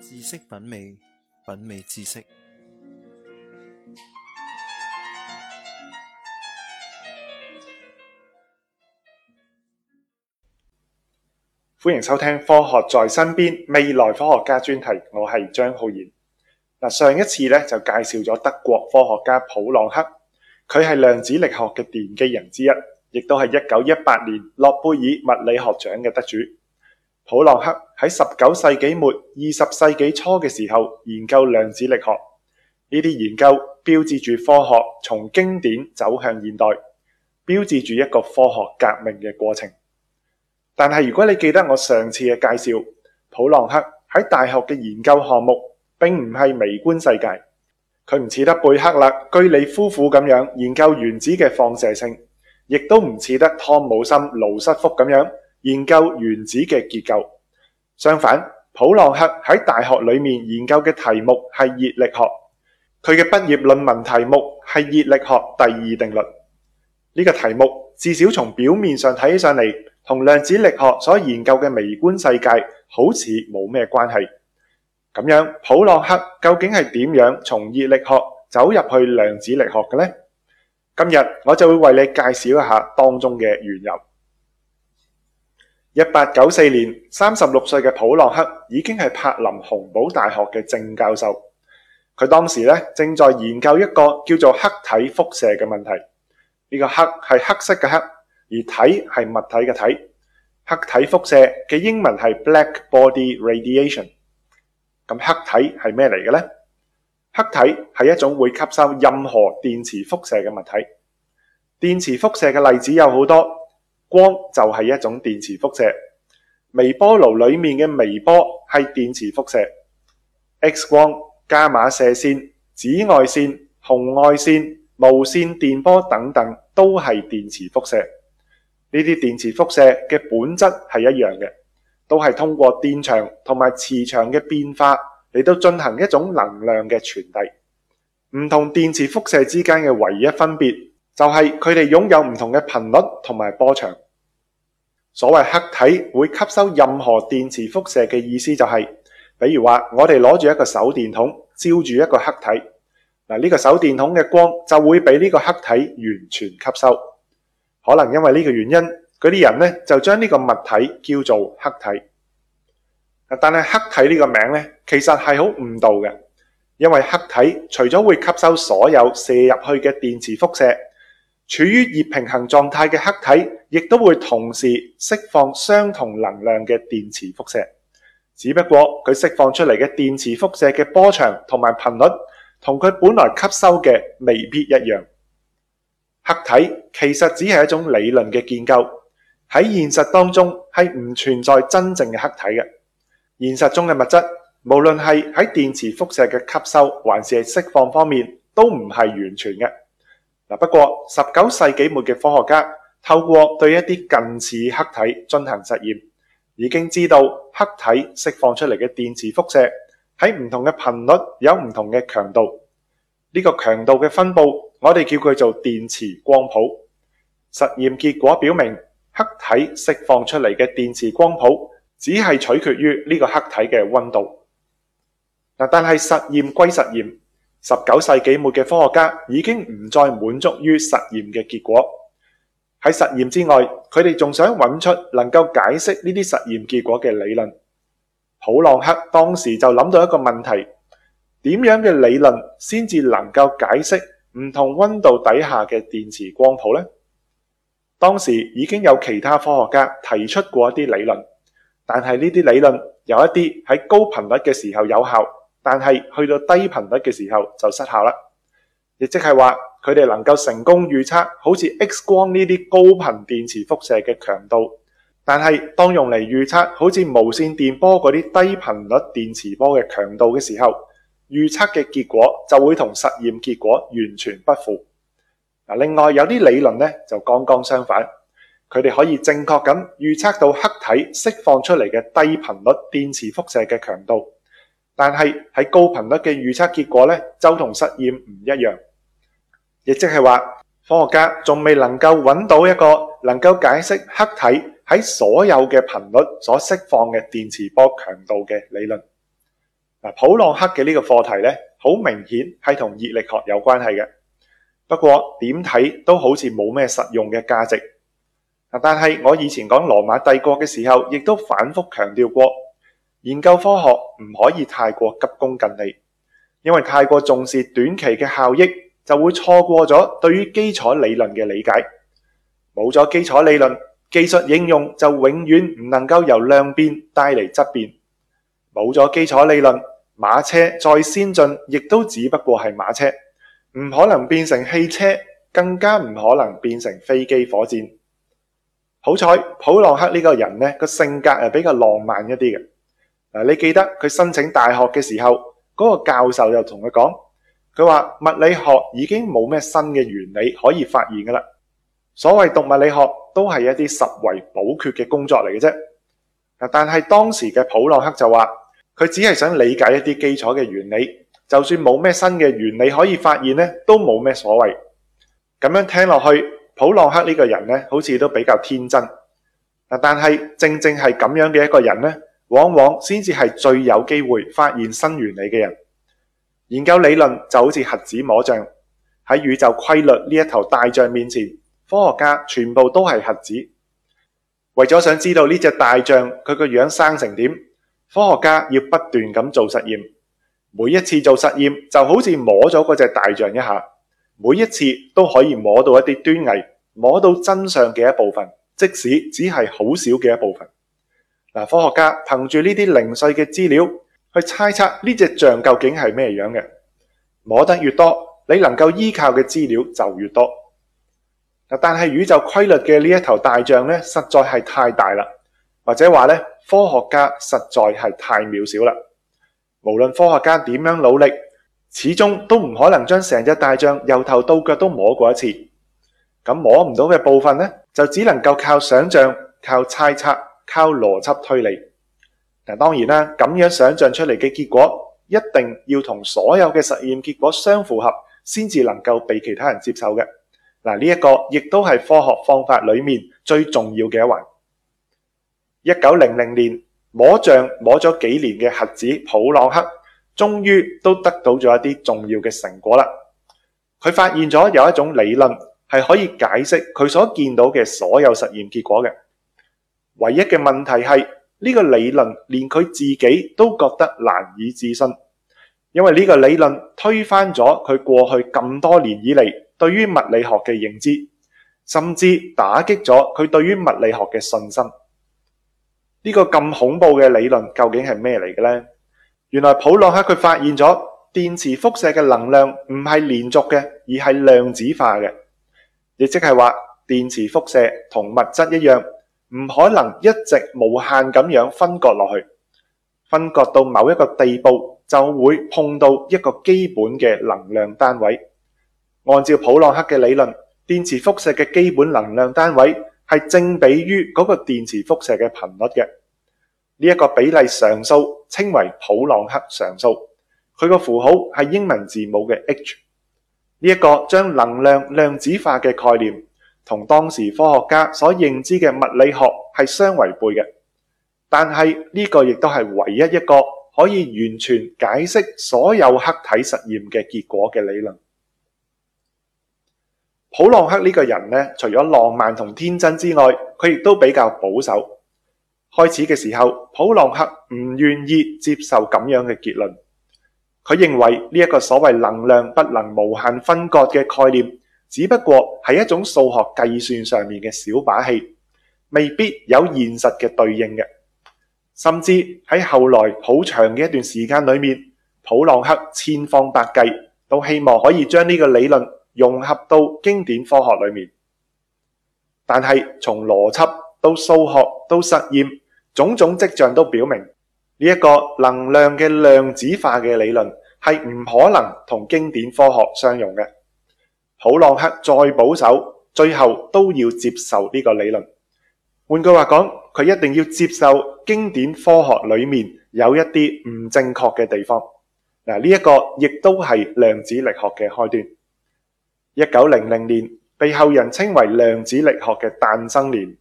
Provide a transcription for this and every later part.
知識品味，品味知識。歡迎收聽《科學在身邊》未來科學家專題，我係張浩然。嗱，上一次呢就介紹咗德國科學家普朗克，佢係量子力學嘅奠基人之一，亦都係一九一八年諾貝爾物理學獎嘅得主。普朗克喺十九世紀末、二十世紀初嘅時候研究量子力學，呢啲研究標誌住科學從經典走向現代，標誌住一個科學革命嘅過程。但係如果你記得我上次嘅介紹，普朗克喺大學嘅研究項目並唔係微觀世界，佢唔似得貝克勒、居里夫婦咁樣研究原子嘅放射性，亦都唔似得湯姆森、盧瑟福咁樣。研究原子嘅結構，相反，普朗克喺大學裏面研究嘅題目係熱力學，佢嘅畢業論文題目係熱力學第二定律。呢個題目至少從表面上睇起上嚟，同量子力學所研究嘅微觀世界好似冇咩關係。咁樣，普朗克究竟係點樣從熱力學走入去量子力學嘅呢？今日我就會為你介紹一下當中嘅緣由。一八九四年，三十六歲嘅普朗克已經係柏林洪堡大學嘅正教授。佢當時咧正在研究一個叫做黑體輻射嘅問題。呢個黑係黑色嘅黑，而體係物體嘅體。黑體輻射嘅英文係 black body radiation。咁黑體係咩嚟嘅呢？黑體係一種會吸收任何電磁輻射嘅物體。電磁輻射嘅例子有好多。光就係一種電磁輻射，微波爐裏面嘅微波係電磁輻射，X 光、伽馬射線、紫外線、紅外線、無線電波等等都係電磁輻射。呢啲電磁輻射嘅本質係一樣嘅，都係通過電場同埋磁場嘅變化嚟到進行一種能量嘅傳遞。唔同電磁輻射之間嘅唯一分別，就係佢哋擁有唔同嘅頻率同埋波長。所謂黑體會吸收任何電磁輻射嘅意思，就係，比如話，我哋攞住一個手電筒，照住一個黑體，嗱呢個手電筒嘅光就會畀呢個黑體完全吸收。可能因為呢個原因，嗰啲人呢就將呢個物體叫做黑體。但係黑體呢個名呢，其實係好誤導嘅，因為黑體除咗會吸收所有射入去嘅電磁輻射。處於熱平衡狀態嘅黑體，亦都會同時釋放相同能量嘅電磁輻射。只不過佢釋放出嚟嘅電磁輻射嘅波長同埋頻率，同佢本來吸收嘅未必一樣。黑體其實只係一種理論嘅建構，喺現實當中係唔存在真正嘅黑體嘅。現實中嘅物質，無論係喺電磁輻射嘅吸收，還是係釋放方面，都唔係完全嘅。嗱，不過十九世紀末嘅科學家透過對一啲近似黑體進行實驗，已經知道黑體釋放出嚟嘅電磁輻射喺唔同嘅頻率有唔同嘅強度。呢個強度嘅分佈，我哋叫佢做電磁光譜。實驗結果表明，黑體釋放出嚟嘅電磁光譜只係取決於呢個黑體嘅溫度。但係實驗歸實驗。十九世紀末嘅科學家已經唔再滿足於實驗嘅結果，喺實驗之外，佢哋仲想揾出能夠解釋呢啲實驗結果嘅理論。普朗克當時就諗到一個問題：點樣嘅理論先至能夠解釋唔同温度底下嘅電磁光譜呢？當時已經有其他科學家提出過一啲理論，但係呢啲理論有一啲喺高頻率嘅時候有效。但係去到低頻率嘅時候就失效啦，亦即係話佢哋能夠成功預測好似 X 光呢啲高頻電磁輻射嘅強度，但係當用嚟預測好似無線電波嗰啲低頻率電磁波嘅強度嘅時候，預測嘅結果就會同實驗結果完全不符。嗱，另外有啲理論咧就剛剛相反，佢哋可以正確咁預測到黑體釋放出嚟嘅低頻率電磁輻射嘅強度。但係喺高頻率嘅預測結果呢，就同實驗唔一樣，亦即係話科學家仲未能夠揾到一個能夠解釋黑體喺所有嘅頻率所釋放嘅電磁波強度嘅理論。嗱，普朗克嘅呢個課題呢，好明顯係同熱力學有關係嘅，不過點睇都好似冇咩實用嘅價值。嗱，但係我以前講羅馬帝國嘅時候，亦都反覆強調過。研究科學唔可以太過急功近利，因為太過重視短期嘅效益，就會錯過咗對於基礎理論嘅理解。冇咗基礎理論，技術應用就永遠唔能夠由量變帶嚟質變。冇咗基礎理論，馬車再先進，亦都只不過係馬車，唔可能變成汽車，更加唔可能變成飛機、火箭。好彩普朗克呢個人呢個性格係比較浪漫一啲嘅。嗱，你記得佢申請大學嘅時候，嗰個教授就同佢講，佢話物理學已經冇咩新嘅原理可以發現噶啦。所謂讀物理學，都係一啲拾遺補缺嘅工作嚟嘅啫。但係當時嘅普朗克就話，佢只係想理解一啲基礎嘅原理，就算冇咩新嘅原理可以發現呢，都冇咩所謂。咁樣聽落去，普朗克呢個人呢，好似都比較天真。但係正正係咁樣嘅一個人呢，往往先至係最有機會發現新原理嘅人。研究理論就好似瞎子摸象，喺宇宙規律呢一頭大象面前，科學家全部都係瞎子。為咗想知道呢隻大象佢個樣生成點，科學家要不斷咁做實驗。每一次做實驗就好似摸咗嗰隻大象一下，每一次都可以摸到一啲端倪，摸到真相嘅一部分，即使只係好少嘅一部分。嗱，科學家憑住呢啲零碎嘅資料去猜測呢隻象究竟係咩樣嘅，摸得越多，你能夠依靠嘅資料就越多。但係宇宙規律嘅呢一頭大象咧，實在係太大啦，或者話咧，科學家實在係太渺小啦。無論科學家點樣努力，始終都唔可能將成隻大象由頭到腳都摸過一次。咁摸唔到嘅部分咧，就只能夠靠想象，靠猜測。靠邏輯推理，嗱，當然啦，咁樣想象出嚟嘅結果一定要同所有嘅實驗結果相符合，先至能夠被其他人接受嘅。嗱，呢一個亦都係科學方法裏面最重要嘅一環。一九零零年，摸象摸咗幾年嘅核子普朗克，終於都得到咗一啲重要嘅成果啦。佢發現咗有一種理論係可以解釋佢所見到嘅所有實驗結果嘅。唯一嘅問題係呢個理論連佢自己都覺得難以置信，因為呢個理論推翻咗佢過去咁多年以嚟對於物理學嘅認知，甚至打擊咗佢對於物理學嘅信心。呢個咁恐怖嘅理論究竟係咩嚟嘅呢？原來普朗克佢發現咗電磁輻射嘅能量唔係連續嘅，而係量子化嘅，亦即係話電磁輻射同物質一樣唔可能一直無限咁樣分割落去，分割到某一個地步就會碰到一個基本嘅能量單位。按照普朗克嘅理論，電磁輻射嘅基本能量單位係正比於嗰個電磁輻射嘅頻率嘅。呢一個比例常數稱為普朗克常數，佢個符號係英文字母嘅 H。呢一個將能量量子化嘅概念，同當時科學家所認知嘅物理學係相違背嘅，但係呢個亦都係唯一一個可以完全解釋所有黑體實驗嘅結果嘅理論。普朗克呢個人呢，除咗浪漫同天真之外，佢亦都比較保守。開始嘅時候，普朗克唔願意接受咁樣嘅結論，佢認為呢一個所謂能量不能無限分割嘅概念。只不過係一種數學計算上面嘅小把戲，未必有現實嘅對應嘅。甚至喺後來好長嘅一段時間裏面，普朗克千方百計都希望可以將呢個理論融合到經典科學裏面。但係從邏輯到數學到實驗，種種跡象都表明呢一個能量嘅量子化嘅理論係唔可能同經典科學相融嘅。普朗克再保守，最後都要接受呢個理論。換句話講，佢一定要接受經典科學裏面有一啲唔正確嘅地方。嗱，呢一個亦都係量子力學嘅開端。一九零零年被後人稱為量子力學嘅誕生年，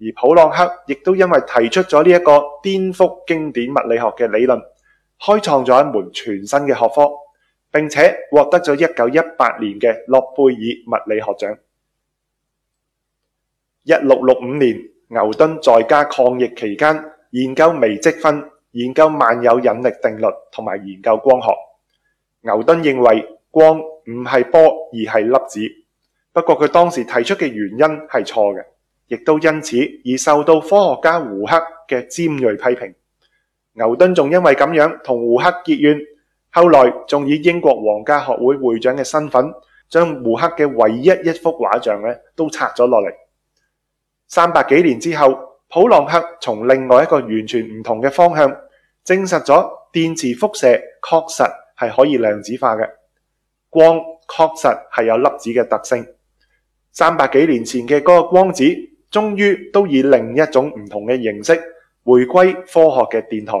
而普朗克亦都因為提出咗呢一個顛覆經典物理學嘅理論，開創咗一門全新嘅學科。並且獲得咗一九一八年嘅諾貝爾物理學獎。一六六五年，牛頓在家抗疫期間研究微積分，研究萬有引力定律同埋研究光學。牛頓認為光唔係波而係粒子，不過佢當時提出嘅原因係錯嘅，亦都因此而受到科學家胡克嘅尖銳批評。牛頓仲因為咁樣同胡克結怨。後來仲以英國皇家學會會長嘅身份，將胡克嘅唯一一幅畫像咧都拆咗落嚟。三百幾年之後，普朗克從另外一個完全唔同嘅方向證實咗電磁輻射確實係可以量子化嘅，光確實係有粒子嘅特性。三百幾年前嘅嗰個光子，終於都以另一種唔同嘅形式回歸科學嘅殿堂。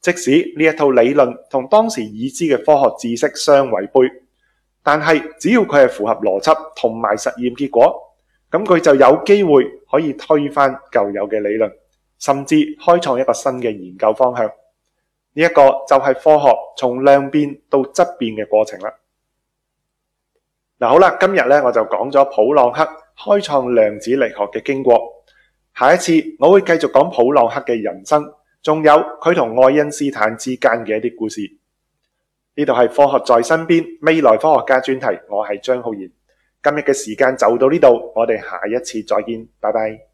即使呢一套理論同當時已知嘅科學知識相違背，但係只要佢係符合邏輯同埋實驗結果，咁佢就有機會可以推翻舊有嘅理論，甚至開創一個新嘅研究方向。呢一個就係科學從量變到質變嘅過程啦。嗱，好啦，今日咧我就講咗普朗克開創量子力學嘅經過，下一次我會繼續講普朗克嘅人生。仲有佢同愛因斯坦之間嘅一啲故事。呢度係科學在身邊未來科學家專題，我係張浩然，今日嘅時間就到呢度，我哋下一次再見，拜拜。